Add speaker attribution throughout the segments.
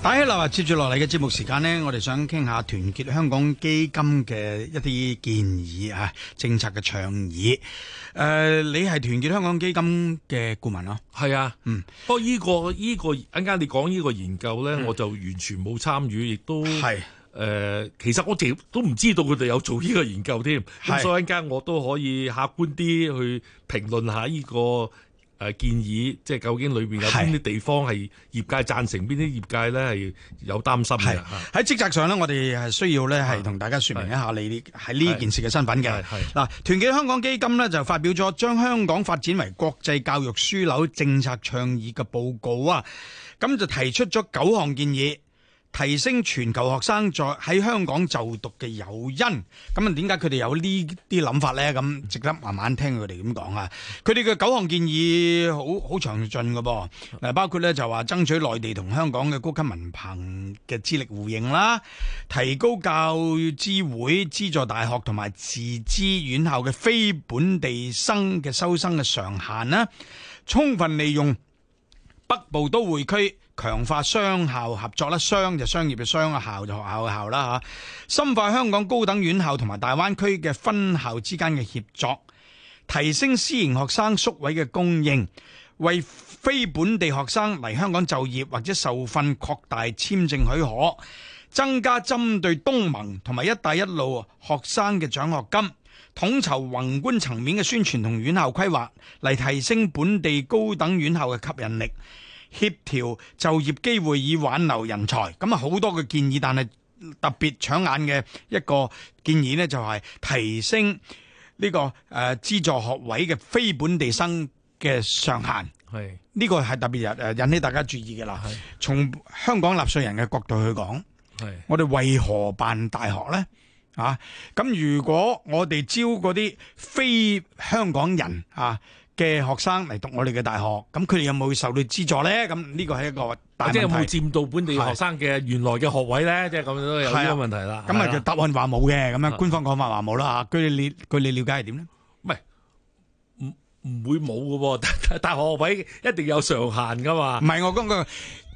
Speaker 1: 打起嚟接住落嚟嘅節目時間呢，我哋想傾下團結香港基金嘅一啲建議啊，政策嘅倡議。誒、呃，你係團結香港基金嘅顧問咯？係啊，嗯。不過依個依、這個一陣間你講呢
Speaker 2: 個研究咧，嗯、我就完全冇參與，亦都誒是、呃，其實我哋都唔知道佢哋有做呢個研究添。咁是、嗯、所以一陣間我都可以客觀啲去評論下依、這個。誒、呃，建議即係究竟裏邊有邊啲地方係業界贊成，
Speaker 1: 邊啲是業界呢係有擔心嘅。喺職責上呢，我哋係需要呢係同大家說明一下你喺呢件事嘅身份嘅。嗱，團結香港基金呢，就發表咗將香港發展為國際教育樞紐政策倡議嘅報告啊，咁就提出咗九項建議。提升全球學生在喺香港就讀嘅誘因，咁啊點解佢哋有呢啲諗法呢？咁值得慢慢聽佢哋咁講啊！佢哋嘅九項建議好好詳盡嘅噃，嗱，包括咧就話爭取內地同香港嘅高級文憑嘅資歷互認啦，提高教資會資助大學同埋自資院校嘅非本地生嘅收生嘅上限啦，充分利用北部都會區。強化商校合作啦，商就商業嘅商，校就學校嘅校啦吓。深化香港高等院校同埋大灣區嘅分校之間嘅協作，提升私營學生宿位嘅供應，為非本地學生嚟香港就業或者受訓擴大簽證許可，增加針對東盟同埋一帶一路學生嘅獎學金，統籌宏觀層面嘅宣傳同院校規劃，嚟提升本地高等院校嘅吸引力。協調就業機會以挽留人才，咁好多嘅建議，但係特別搶眼嘅一個建議呢，就係提升呢個誒資助學位嘅非本地生嘅上限。係呢是個係特別引誒引起大家注意嘅啦。係從香港納稅人嘅角度去講，係是我哋為何辦大學呢？啊，咁如果我哋招嗰啲非香港人啊，嘅學生嚟讀我哋嘅大學，咁佢哋有冇受到資助咧？咁呢個係一個大問題，即係有冇佔到本地學
Speaker 2: 生嘅原來嘅學位咧？即係咁樣都有啲問題啦。咁啊，就
Speaker 1: 答案話冇嘅，咁樣官方講法話冇啦。吓，據你據你了解係點咧？
Speaker 2: 唔
Speaker 1: 係，唔唔會冇嘅，但係大學學位一定有上限噶嘛。唔係我講個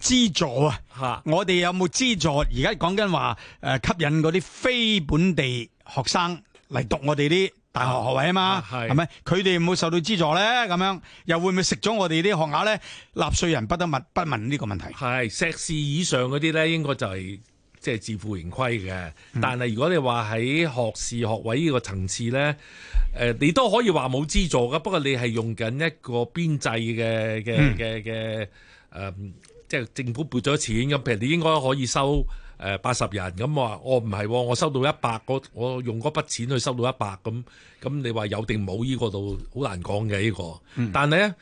Speaker 1: 資助啊，吓，我哋有冇資助？而家講緊話誒，吸引嗰啲非本地學生嚟讀我哋啲。大學學位啊嘛，係咪佢哋唔會受到資助咧？咁樣又會唔會食咗我哋啲學額咧？納稅人不得不問呢個問題。
Speaker 2: 係碩士以上嗰啲咧，應該就係即係自負盈虧嘅。嗯、但係如果你話喺學士學位個層呢個層次咧，誒、呃，你都可以話冇資助噶。不過你係用緊一個編制嘅嘅嘅嘅誒，即係、嗯呃就是、政府撥咗錢咁，譬如你應該可以收。誒八十人咁話，我唔係、哦哦，我收到一百，我我用嗰筆錢去收到一百，咁咁你話有定冇？呢、這個度好難講嘅呢個。但係咧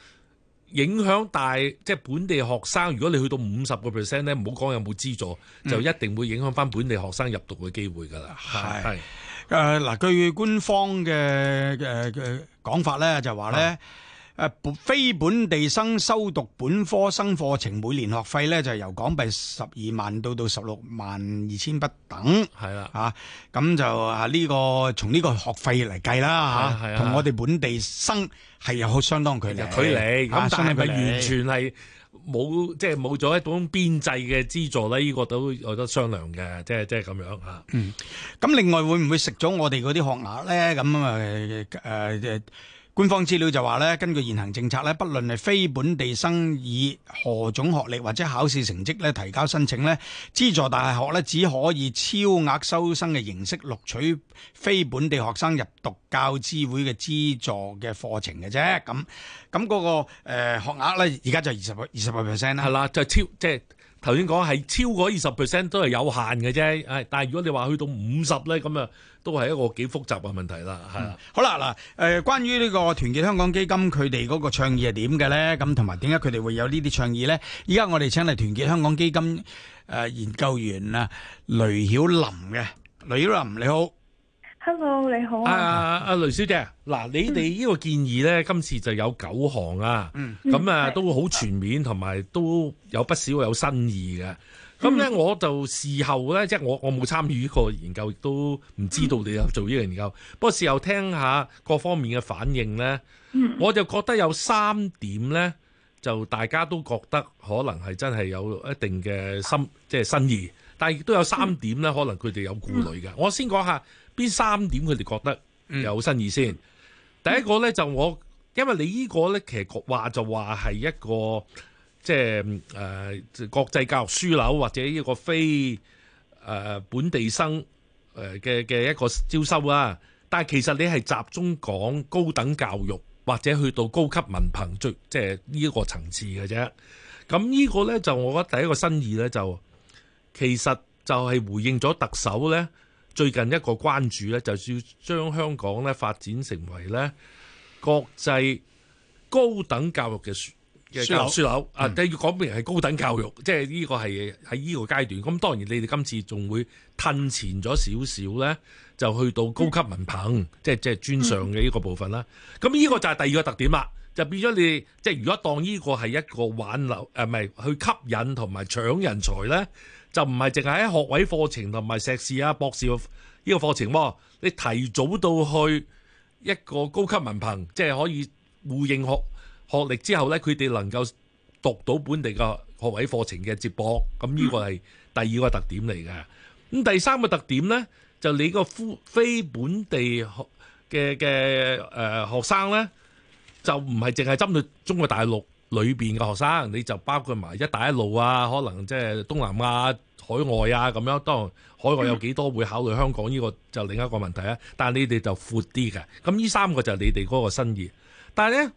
Speaker 2: 影響大，即係本地學生。如果你去到五十個 percent 咧，唔好講有冇資助，嗯、就一定會影響翻本地學生入讀嘅機會㗎啦。係
Speaker 1: 誒嗱，據官方嘅誒講法咧，就話、係、咧。啊誒，非本地生修讀本科生課程，每年學費咧就係由港幣十二萬到到十六萬二千不等，係啦、啊，吓咁、啊、就啊呢、呢個從呢個學費嚟計啦，吓同、啊啊、我哋本地生係有好相，、啊、相當距離，距離咁但係咪完全係冇即係冇咗一種編制嘅資助咧？呢、呢個都有得商量嘅，即係即係咁樣吓。啊、嗯，咁另外會唔會食咗我哋嗰啲學額咧？咁啊誒。呃呃呃官方資料就話咧，根據現行政策咧，不論係非本地生以何種學歷或者考試成績咧提交申請咧，資助大學咧只可以超額收生嘅形式錄取非本地學生入讀教資會嘅資助嘅課程嘅啫。咁咁嗰個誒、呃、學額咧，而家就二十二十個 percent 啦。係啦，就係、超即係。就係
Speaker 2: 頭先講係超過二十 percent 都係有限嘅啫，誒！但係如果你話去到五十咧，咁啊都係一個幾複雜嘅問題啦。係啊，
Speaker 1: 好啦，嗱，誒，關於呢個團結香港基金佢哋嗰個倡議係點嘅咧？咁同埋點解佢哋會有呢啲倡議咧？依家我哋請嚟團結香港基金誒研究員啊，雷曉琳嘅，雷曉琳你好。Hello，你好啊！阿、uh, uh, 雷小姐，嗱、嗯，你哋呢個建議呢，今次就有
Speaker 2: 九項啊，咁、嗯、啊，嗯、都好全面，同埋都有不少有新意嘅。咁、嗯、呢，我就事後呢，即係我我冇參與呢個研究，亦都唔知道你有做呢個研究。嗯、不過事後聽下各方面嘅反應呢，嗯、我就覺得有三點呢，就大家都覺得可能係真係有一定嘅新即係新意，但係亦都有三點呢，可能佢哋有顧慮嘅。我先講下。嗯.呢三點佢哋覺得有新意先。嗯、第一個呢，就我，因為你呢個呢，其實話就話係一個即係誒、呃、國際教育樞紐或者一個非誒、呃、本地生誒嘅嘅一個招收啊。但係其實你係集中講高等教育或者去到高級文憑最即係呢個層次嘅啫。咁呢個呢，就我覺得第一個新意呢，就其實就係回應咗特首呢。最近一個關注咧，就要、是、將香港咧發展成為咧國際高等教育嘅樞
Speaker 1: 嘅樞紐樞紐育、嗯、啊！即、就、係、是、
Speaker 2: 講明係高等教育，即係呢個係喺呢個階段。咁當然你哋今次仲會褪前咗少少咧，就去到高級文憑，即係即係專上嘅呢個部分啦。咁呢、嗯、個就係第二個特點啦。就變咗你即係、就是、如果當呢個係一個挽留誒，唔、啊、係去吸引同埋搶人才咧。就唔係淨係喺學位課程同埋碩士啊博士呢個課程、哦，你提早到去一個高級文憑，即係可以互認學學歷之後呢，佢哋能夠讀到本地嘅學位課程嘅接駁，咁呢個係第二個特點嚟嘅。咁第三個特點呢，就你個非非本地學嘅嘅誒學生呢，就唔係淨係針對中國大陸。裏邊嘅學生，你就包括埋一帶一路啊，可能即係東南亞、海外啊咁樣。當海外有幾多會考慮香港呢個就另一個問題啊。但係你哋就闊啲嘅。咁呢三個就係你哋嗰個新意。但係呢，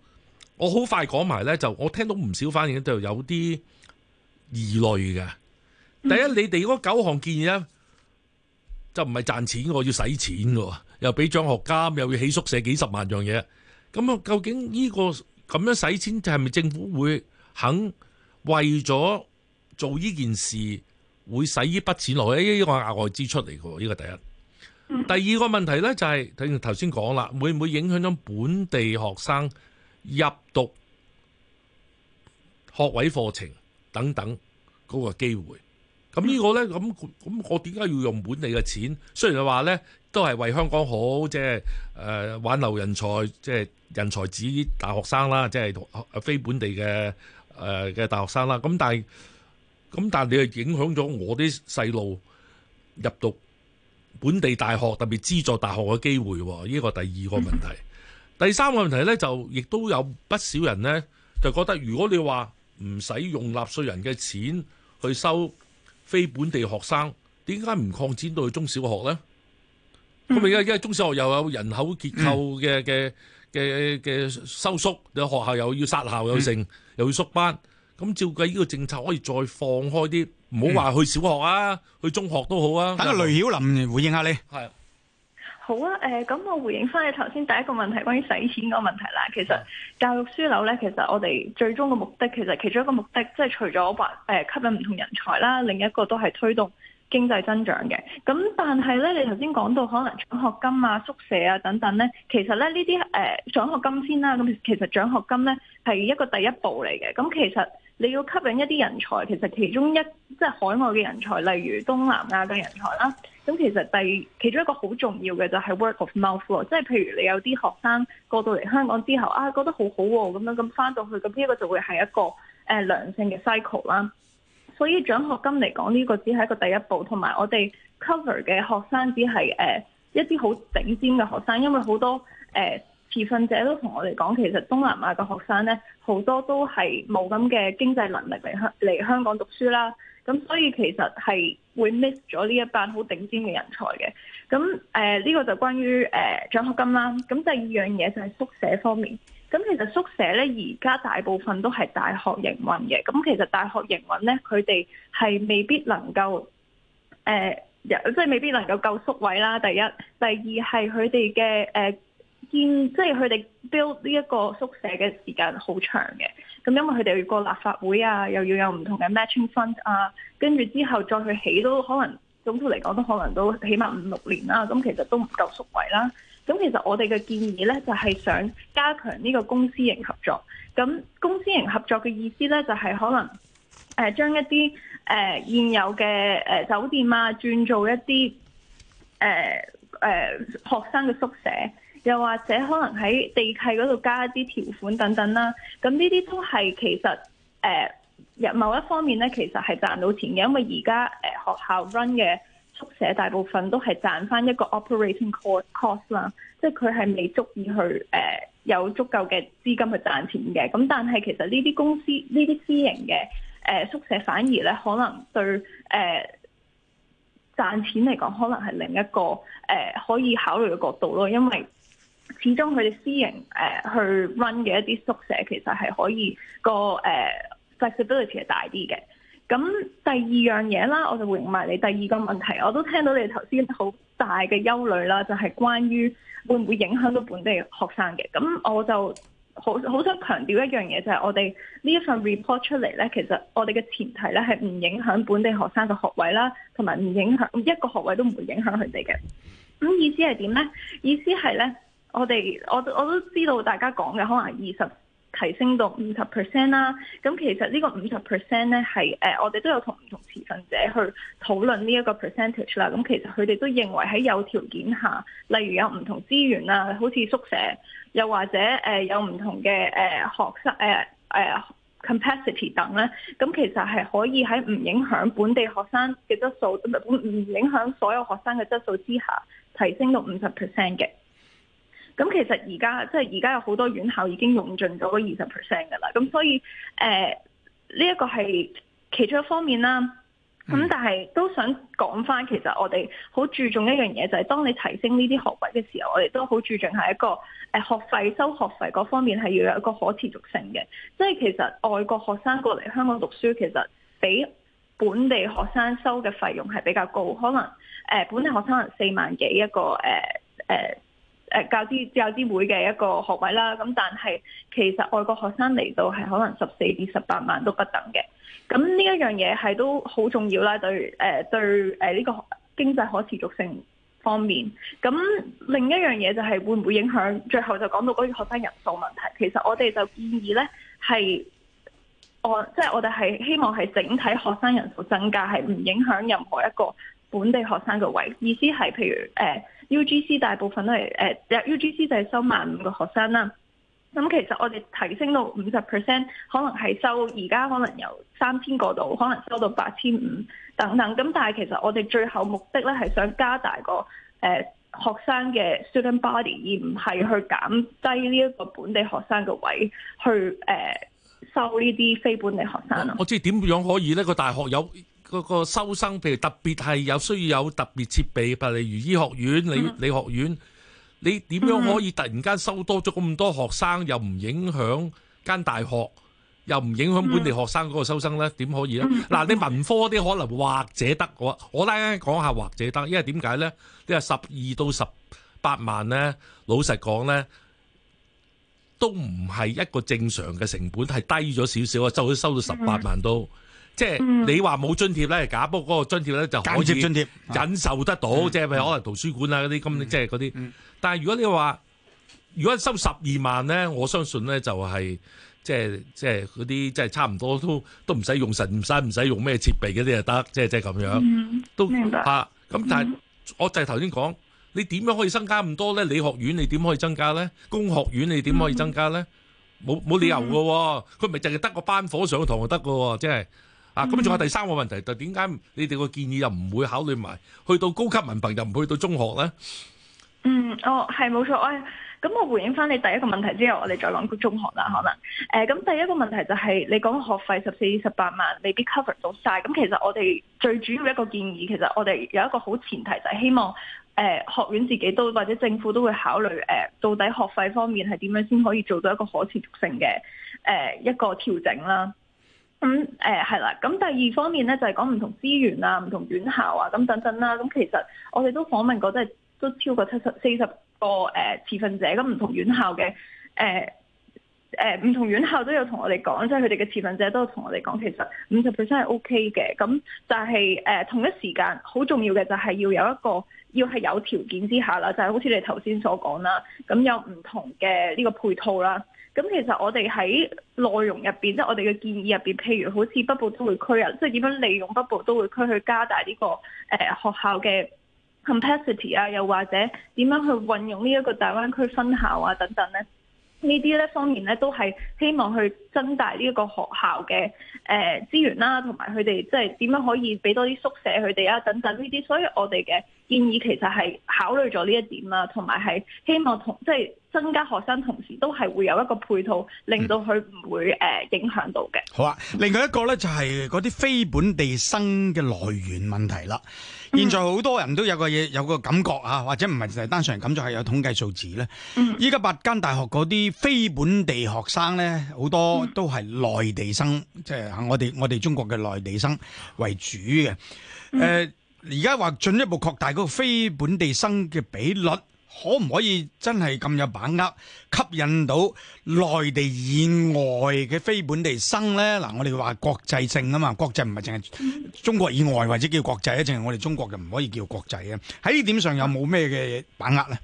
Speaker 2: 我好快講埋呢，就我聽到唔少反應都有啲疑慮嘅。第一，你哋嗰九項建議咧，就唔係賺錢，我要使錢嘅，又俾獎學金，又要起宿舍，幾十萬樣嘢。咁啊，究竟呢個？咁樣使錢，就係咪政府會肯為咗做呢件事，會使呢筆錢落去？呢個額外支出嚟嘅，呢個第一。第二個問題呢，就係，就係，頭先講啦，會唔會影響咗本地學生入讀學位課程等等嗰個機會？咁呢個呢，咁咁我點解要用本地嘅錢？雖然話呢都係為香港好，即係誒挽留人才，即係人才子大學生啦，即係非本地嘅誒嘅大學生啦。咁但係咁但係你係影響咗我啲細路入讀本地大學特別資助大學嘅機會喎。呢個第二個問題，第三個問題呢，就亦都有不少人呢，就覺得，如果你話唔使用納稅人嘅錢去收。非本地學生點解唔擴展到去中小學咧？咁而家因為中小學又有人口結構嘅嘅嘅嘅收縮，有學校又要殺校又剩，又要縮班。咁照計呢個政策可以再放開啲，唔好話
Speaker 1: 去小學啊，去中學都好啊。等個雷曉琳回應下你。
Speaker 3: 好啊，誒、呃，咁我回應翻你頭先第一個問題，關於使錢個問題啦。其實教育樞紐咧，其實我哋最終嘅目的，其實其中一個目的，即係除咗誒吸引唔同人才啦，另一個都係推動經濟增長嘅。咁但係咧，你頭先講到可能獎學金啊、宿舍啊等等咧，其實咧呢啲誒獎學金先啦。咁其實獎學金咧係一個第一步嚟嘅。咁其實你要吸引一啲人才，其實其中一即係海外嘅人才，例如東南亞嘅人才啦。咁其實第其中一個好重要嘅就係 word of mouth 喎，即係譬如你有啲學生過到嚟香港之後啊，覺得好好、啊、喎，咁樣咁翻到去，咁呢個就會係一個誒、呃、良性嘅 cycle 啦。所以獎學金嚟講呢個只係一個第一步，同埋我哋 cover 嘅學生只係誒、呃、一啲好頂尖嘅學生，因為好多誒、呃、持份者都同我哋講，其實東南亞嘅學生咧好多都係冇咁嘅經濟能力嚟香嚟香港讀書啦。咁所以其實係會 miss 咗呢一班好頂尖嘅人才嘅。咁誒呢個就關於誒獎學金啦。咁第二樣嘢就係宿舍方面。咁其實宿舍咧而家大部分都係大學營運嘅。咁其實大學營運咧，佢哋係未必能夠誒，即係未必能夠夠縮位啦。第一，第二係佢哋嘅誒。呃建即係佢哋 build 呢一個宿舍嘅時間好長嘅，咁因為佢哋要過立法會啊，又要有唔同嘅 matching fund 啊，跟住之後再去起都可能，總括嚟講都可能都起碼五六年啦，咁其實都唔夠宿位啦。咁其實我哋嘅建議呢，就係、是、想加強呢個公私營合作。咁公私營合作嘅意思呢，就係、是、可能誒將、呃、一啲誒、呃、現有嘅誒、呃、酒店啊，轉做一啲誒誒學生嘅宿舍。又或者可能喺地契嗰度加一啲條款等等啦，咁呢啲都係其實誒入、呃、某一方面咧，其實係賺到錢嘅，因為而家誒學校 run 嘅宿舍大部分都係賺翻一個 operating cost 啦，即係佢係未足以去誒、呃、有足夠嘅資金去賺錢嘅。咁但係其實呢啲公司呢啲私營嘅誒宿舍反而咧，可能對誒賺、呃、錢嚟講可能係另一個誒、呃、可以考慮嘅角度咯，因為。始終佢哋私營誒、呃、去 run 嘅一啲宿舍，其實係可以個誒、呃、flexibility 係大啲嘅。咁第二樣嘢啦，我就回應埋你第二個問題。我都聽到你頭先好大嘅憂慮啦，就係關於會唔會影響到本地學生嘅。咁我就好好想強調一樣嘢，就係我哋呢一份 report 出嚟呢，其實我哋嘅前提呢係唔影響本地學生嘅學位啦，同埋唔影響一個學位都唔會影響佢哋嘅。咁意思係點呢？意思係呢。我哋我我都知道大家講嘅可能二十提升到五十 percent 啦。咁其實呢個五十 percent 咧係誒，我哋都有同唔同持份者去討論呢一個 percentage 啦。咁其實佢哋都認為喺有條件下，例如有唔同資源啊，好似宿舍，又或者誒有唔同嘅誒學生誒誒 capacity 等咧，咁其實係可以喺唔影響本地學生嘅質素，唔唔影響所有學生嘅質素之下，提升到五十 percent 嘅。咁其實而家即係而家有好多院校已經用盡咗嗰二十 percent 嘅啦，咁所以誒呢一個係其中一方面啦。咁、嗯、但係都想講返，其實我哋好注重一樣嘢，就係、是、當你提升呢啲學位嘅時候，我哋都好注重係一個誒、呃、學費收學費嗰方面係要有一個可持續性嘅。即係其實外國學生過嚟香港讀書，其實比本地學生收嘅費用係比較高，可能誒、呃、本地學生可能四萬幾一個誒誒。呃呃誒教資教資會嘅一個學位啦，咁但係其實外國學生嚟到係可能十四至十八萬都不等嘅，咁呢一樣嘢係都好重要啦，對誒對誒呢個經濟可持續性方面。咁另一樣嘢就係會唔會影響最後就講到嗰啲學生人數問題？其實我哋就建議呢，係我即係、就是、我哋係希望係整體學生人數增加係唔影響任何一個。本地學生嘅位，意思係譬如誒、呃、UGC 大部分都係誒，即、呃、係 UGC 就係收萬五個學生啦。咁、嗯、其實我哋提升到五十 percent，可能係收而家可能由三千個度，可能收到八千五等等。咁但係其實我哋最後目的咧係想加大個誒、呃、學生嘅 student body，而唔係去減低呢一個本地學生嘅位，去誒、呃、收呢啲非本地學
Speaker 2: 生。我，我知點樣可以呢？個大學有。嗰個收生，譬如特別係有需要有特別設備，例如醫學院、理、嗯、理學院，你點樣可以突然間收多咗咁多學生，又唔影響間大學，又唔影響本地學生嗰個收生呢點可以呢？嗱、嗯，你文科啲可能或者得喎，我單單講下或者得，因為點解呢？因為十二到十八萬呢，老實講呢，都唔係一個正常嘅成本，係低咗少少啊！就算收到十八萬都。即係你話冇津貼咧假，不過嗰個津貼咧就間接津貼忍受得到，即係咪可能圖書館啊嗰啲咁，嗯、即係嗰啲。嗯、但係如果你話如果收十二萬咧，我相信咧就係即係即係嗰啲即係差唔多都都唔使用神，唔使唔使用咩設備嗰啲就得，即係即係咁樣。都、嗯、明白吓。咁、啊、但係我就係頭先講，嗯、你點樣可以增加咁多咧？理學院你點可以增加咧？工學院你點可以增加咧？冇冇、嗯、理由嘅，佢咪係淨係得個班火上堂就得嘅，即係。啊，咁仲有第三個問題，就點解你哋個建議又唔會考慮埋去到高級文憑，又唔去到中學咧？嗯，
Speaker 3: 哦，係冇錯。咁、哎、我回應翻你第一個問題之後，我哋再講到中學啦，可能。誒、呃，咁第一個問題就係、是、你講學費十四十八萬，未必 cover 到晒。咁其實我哋最主要一個建議，其實我哋有一個好前提，就係、是、希望誒、呃、學院自己都或者政府都會考慮誒、呃，到底學費方面係點樣先可以做到一個可持續性嘅誒、呃、一個調整啦。咁誒係啦，咁第二方面咧就係、是、講唔同資源啊、唔同院校啊咁等等啦、啊。咁其實我哋都訪問過，即係都超過七十四十個誒、呃、持份者。咁、嗯、唔同院校嘅誒誒唔同院校都有同我哋講，即係佢哋嘅持份者都有同我哋講，其實五十 percent 係 OK 嘅。咁、OK 嗯、就係、是、誒、呃、同一時間好重要嘅，就係要有一個要係有條件之下啦，就係、是、好似你頭先所講啦，咁有唔同嘅呢個配套啦。咁其實我哋喺內容入邊，即係我哋嘅建議入邊，譬如好似北部都會區啊，即係點樣利用北部都會區去加大呢個誒學校嘅 capacity 啊，又或者點樣去運用呢一個大灣區分校啊等等呢。呢啲咧方面咧都係希望去增大呢一個學校嘅誒資源啦，同埋佢哋即係點樣可以俾多啲宿舍佢哋啊等等呢啲，所以我哋嘅建議其實係考慮咗呢一點啦，同埋係希望同即係、就是、增加學生，同時都係會有一個配套，令到佢唔會誒影響到嘅、嗯。
Speaker 1: 好啊，另外一個咧就係嗰啲非本地生嘅來源問題啦。現在好多人都有個嘢，有個感覺啊，或者唔係就係單純噉，就係有統計數字咧。嗯，依家八間大學嗰啲非本地學生咧，好多都係內地生，即係我哋我哋中國嘅內地生為主嘅。誒、呃，而家話進一步擴大個非本地生嘅比率。可唔可以真係咁有把握吸引到內地以外嘅非本地生呢？嗱，我哋話國際性啊嘛，國際唔係淨係中國以外或者叫國際咧，淨係我哋中國就唔可以叫國際嘅。喺呢點上有冇咩嘅把握呢？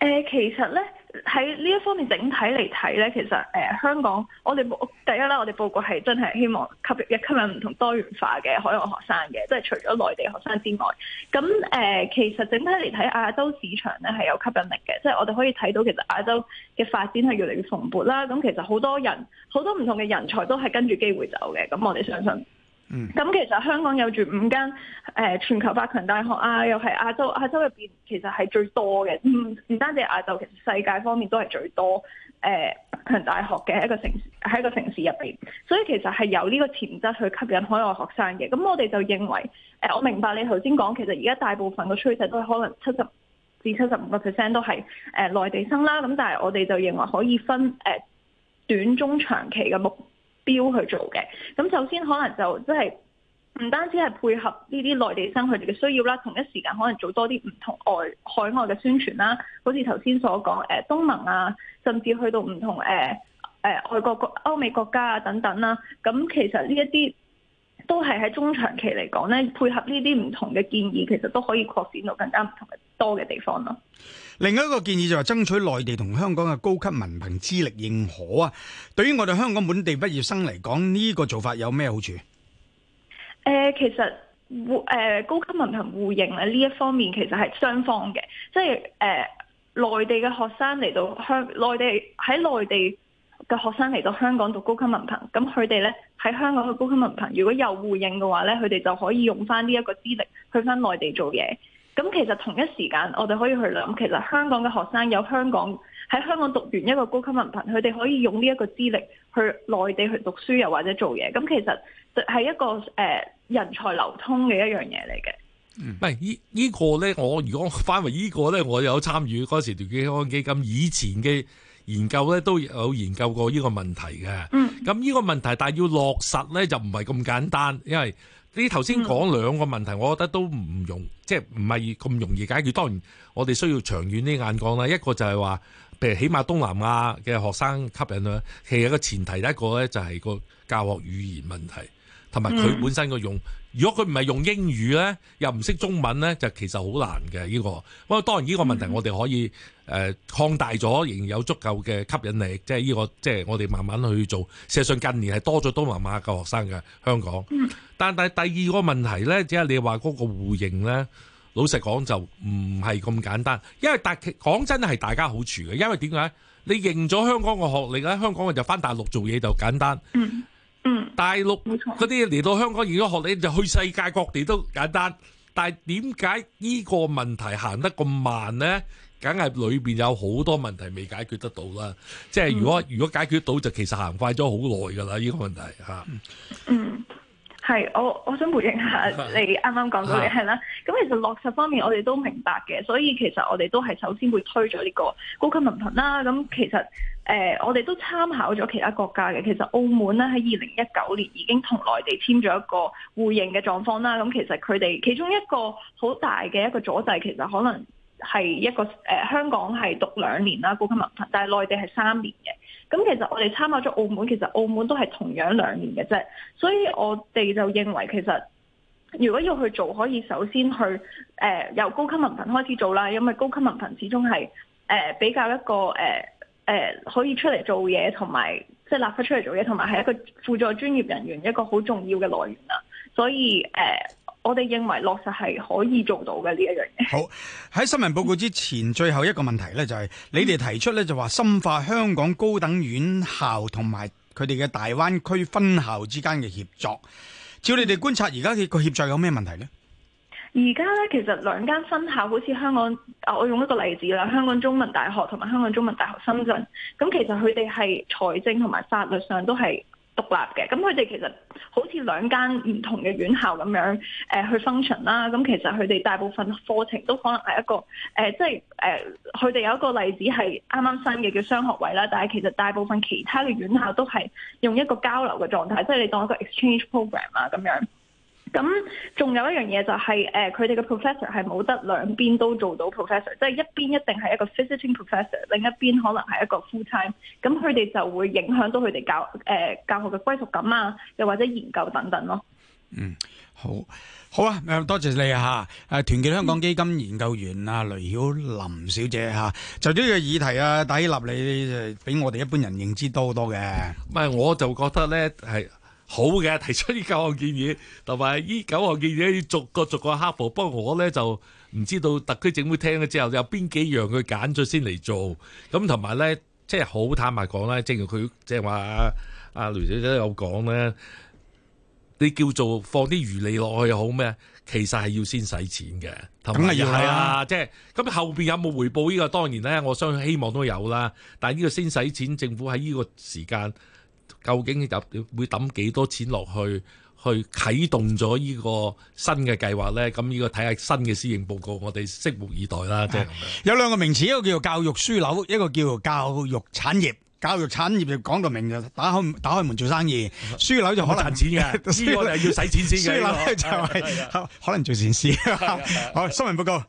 Speaker 3: 誒、呃，其實呢。喺呢一方面整體嚟睇呢，其實誒、呃、香港我哋第一啦，我哋報告係真係希望吸引吸引唔同多元化嘅海外學生嘅，即係除咗內地學生之外，咁誒、呃、其實整體嚟睇亞洲市場呢係有吸引力嘅，即係我哋可以睇到其實亞洲嘅發展係越嚟越蓬勃啦，咁其實好多人好多唔同嘅人才都係跟住機會走嘅，咁我哋相信。咁、嗯、其實香港有住五間誒、呃、全球百強大學啊，又係亞洲亞洲入邊其實係最多嘅，唔、嗯、唔單止亞洲，其實世界方面都係最多誒、呃、百強大學嘅一個城喺一個城市入邊，所以其實係有呢個潛質去吸引海外學生嘅。咁我哋就認為誒、呃，我明白你頭先講，其實而家大部分嘅趨勢都係可能七十至七十五個 percent 都係誒、呃、內地生啦。咁但係我哋就認為可以分誒、呃、短中長期嘅目標去做嘅，咁首先可能就即係唔單止係配合呢啲內地生佢哋嘅需要啦，同一時間可能做多啲唔同外海外嘅宣傳啦，好似頭先所講，誒東盟啊，甚至去到唔同誒誒、欸、外國國歐美國家啊等等啦、啊，咁其實呢一啲。都係喺中長期嚟講咧，配合呢啲唔同嘅建議，其實都可以擴展到更加唔同多嘅地方咯。
Speaker 1: 另外一個建議就係爭取內地同香港嘅高級文憑資歷認可啊！對於我哋香港本地畢業生嚟講，呢、這個做法有咩好處？誒、
Speaker 3: 呃，其實互、呃、高級文憑互認咧，呢一方面其實係雙方嘅，即係誒、呃、內地嘅學生嚟到香內地喺內地。嘅學生嚟到香港讀高級文憑，咁佢哋呢喺香港嘅高級文憑，如果有互應嘅話呢，佢哋就可以用翻呢一個資歷去翻內地做嘢。咁其實同一時間，我哋可以去諗，其實香港嘅學生有香港喺香港讀完一個高級文憑，佢哋可以用呢一個資歷去內地去讀書又或者做嘢。咁其實就係一個誒、呃、人才流通嘅一樣嘢嚟嘅。
Speaker 2: 嗯，係呢呢個呢，我如果翻回呢個呢，我有參與嗰時團結香港基金以前嘅。研究咧都有研究過呢個問題嘅，咁呢、嗯、個問題，但係要落實咧就唔係咁簡單，因為你頭先講兩個問題，我覺得都唔容、嗯、即係唔係咁容易解決。當然我哋需要長遠啲眼光啦。一個就係話，譬如起碼東南亞嘅學生吸引到，其實個前提第一個咧就係個教學語言問題，同埋佢本身個用。嗯、用如果佢唔係用英語呢，又唔識中文呢，就其實好難嘅呢、這個。不過當然呢個問題我哋可以誒擴、嗯呃、大咗，仍然有足夠嘅吸引力。即係呢、這個，即係我哋慢慢去做。事實上近年係多咗東南亞嘅學生嘅香港。嗯、但係第二個問題呢，即係你話嗰個互認呢，老實講就唔係咁簡單。因為大講真係大家好處嘅，因為點解？你認咗香港個學歷呢，香港人就返大陸做嘢就簡單。嗯嗯，大陸嗰啲嚟到香港如果學你，就去世界各地都簡單。但係點解呢個問題行得咁慢咧？梗係裏邊有好多問題未解決得到啦。即係如果、嗯、如果解決到，就其實行快咗好耐㗎啦。呢、呢個問題嚇，嗯、
Speaker 3: 啊，係我我想回應下你啱啱講到嘅係啦。咁其實落實方面我哋都明白嘅，所以其實我哋都係首先會推咗呢個高級文憑啦。咁、啊嗯、其實。誒、呃，我哋都參考咗其他國家嘅。其實澳門咧喺二零一九年已經同內地簽咗一個互認嘅狀況啦。咁、嗯、其實佢哋其中一個好大嘅一個阻滯，其實可能係一個誒、呃、香港係讀兩年啦，高級文憑，但係內地係三年嘅。咁、嗯、其實我哋參考咗澳門，其實澳門都係同樣兩年嘅啫。所以我哋就認為其實如果要去做，可以首先去誒、呃、由高級文憑開始做啦，因為高級文憑始終係誒、呃、比較一個誒。呃誒、呃，可以出嚟做嘢，同埋即係立法出嚟做嘢，同埋係一個輔助專業人員一個好重要嘅來源啊。所以誒、呃，我哋認為落實係可以做到嘅呢一樣
Speaker 1: 嘢。好，喺新聞報告之前，嗯、最後一個問題咧就係、是嗯、你哋提出咧就話深化香港高等院校同埋佢哋嘅大灣區分校之間嘅協作。照你哋觀察，而家嘅個協作有咩問題咧？
Speaker 3: 而家咧，其實兩間分校好似香港，我用一個例子啦，香港中文大學同埋香港中文大學深圳。咁、嗯、其實佢哋係財政同埋法律上都係獨立嘅。咁佢哋其實好似兩間唔同嘅院校咁樣，誒、呃、去 function 啦。咁其實佢哋大部分課程都可能係一個，誒即係誒，佢、就、哋、是呃、有一個例子係啱啱新嘅叫商學位啦。但係其實大部分其他嘅院校都係用一個交流嘅狀態，即、就、係、是、你當一個 exchange program 啊咁樣。咁仲有一樣嘢就係誒，佢哋嘅 professor 係冇得兩邊都做到 professor，即係一邊一定係一個 visiting professor，另一邊可能係一個 full time。咁佢哋就會影響到佢哋教誒教學嘅歸屬感啊，又或者研究等等咯。嗯，
Speaker 1: 好，好啊，多謝你嚇。誒、啊，團結香港基金研究員啊，雷曉琳小姐嚇、啊，就呢個議題啊，抵立你誒，比我哋一般人認知多好多嘅。唔係，我就覺得咧係。好嘅，提出呢九項建議，同埋呢九
Speaker 2: 項建議要逐個逐個克服。不過我咧就唔知道特區政府聽咗之後，有邊幾樣佢揀咗先嚟做。咁同埋咧，即係好坦白講咧，正如佢即係話阿阿雷小姐都有講咧，你叫做放啲餘利落去又好咩？其實係要先使錢嘅，同啊要啊，即係咁後邊有冇回報？呢個當然咧，我相信希望都有啦。但係呢個先使錢，政府喺呢個時間。究竟入會抌幾多錢落去，去啟動咗呢個新嘅計劃咧？咁呢個睇下新嘅施政報告，我哋拭目以待啦，即係咁樣。
Speaker 1: 有兩個名詞，一個叫做教育樞紐，一個叫做教育產業。教育產業就講到明，就打開打開門做生意。樞紐就可能賺錢嘅，輸 樓就係要使錢先。嘅。樞紐就係可能做善事。 好，新聞報告。